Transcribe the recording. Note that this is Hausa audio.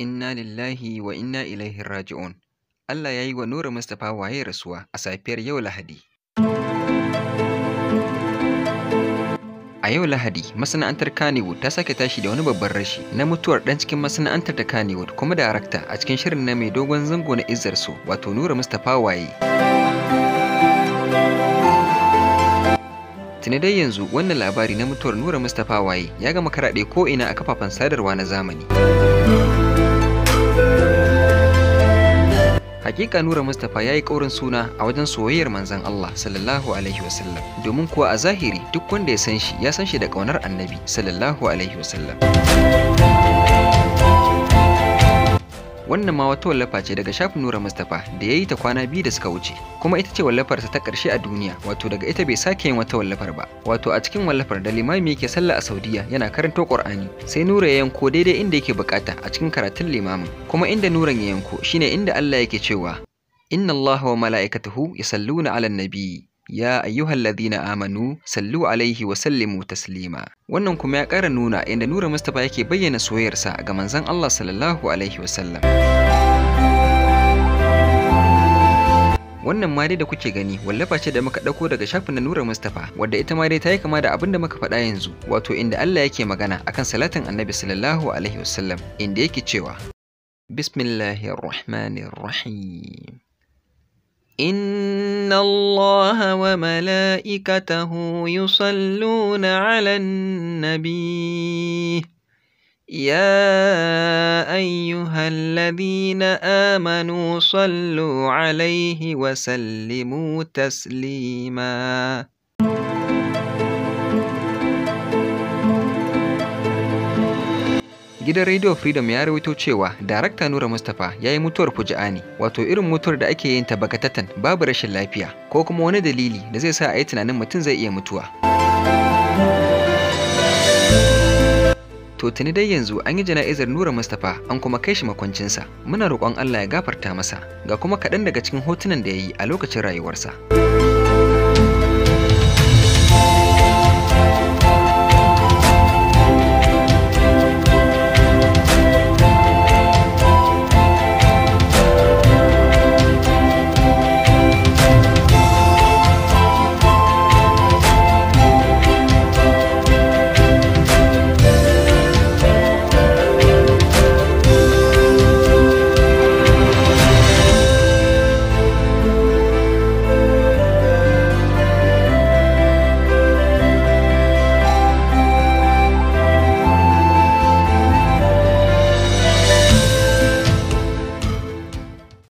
Inna lillahi wa inna ilaihi raji'un. Allah ya yi wa Nura Mustapha waye rasuwa a safiyar yau Lahadi. A yau Lahadi, masana'antar Kannywood ta sake tashi da wani babban rashi na mutuwar ɗan cikin masana'antar ta Kannywood kuma darakta a cikin shirin na mai dogon zango na Izzar su wato Nura Mustapha Waye. Tuni dai yanzu wannan labari na mutuwar Nura Mustapha Waye ya gama karaɗe ina a kafafen sadarwa na zamani. Hakika Nura Mustapha ya yi ƙaurin suna a wajen soyayyar manzon Allah sallallahu alaihi wasallam domin kuwa a zahiri duk wanda ya san shi ya san shi da ƙaunar annabi sallallahu alaihi wasallam. wannan ma wata wallafa ce daga shafin nura mustapha da ya yi ta kwana biyu da suka wuce kuma ita ce wallafarsa ta ƙarshe a duniya wato daga ita bai sake yin wata wallafar ba wato a cikin wallafar da limami yake sallah a saudiya yana karanto qur'ani sai nura ya yanko daidai inda yake bukata a cikin karatun limamin kuma inda nuran ya yanko shine inda allah yake cewa inna Allah wa mala'ikatahu yusalluna 'alan nabi ya ayyuhal ladina amanu sallu عليه wa تسليما taslima wannan kuma ya ƙara nuna inda nura mustapha yake bayyana soyayyarsa ga manzon Allah sallallahu alaihi wa wannan ma da kuke gani wallafa ce da muka ɗauko daga shafin na nura mustapha wadda ita ma dai ta yi kama da abin da muka faɗa yanzu wato inda Allah yake magana akan salatin annabi sallallahu alaihi wa inda yake cewa bismillahir rahmanir إن الله وملائكته يصلون على النبي يا أيها الذين آمنوا صلوا عليه وسلموا تسليماً gidan Radio Freedom ya rawaito cewa darakta Nura Mustapha ya yi mutuwar fuji'ani, wato irin mutuwar da ake yin ta bakatatan babu rashin lafiya ko kuma wani dalili da zai sa a yi tunanin mutum zai iya mutuwa. To tuni dai yanzu an yi jana'izar Nura Mustapha an kuma kai shi makwancinsa. Muna roƙon Allah ya gafarta masa, ga kuma kaɗan daga cikin hotunan da ya yi a lokacin rayuwarsa.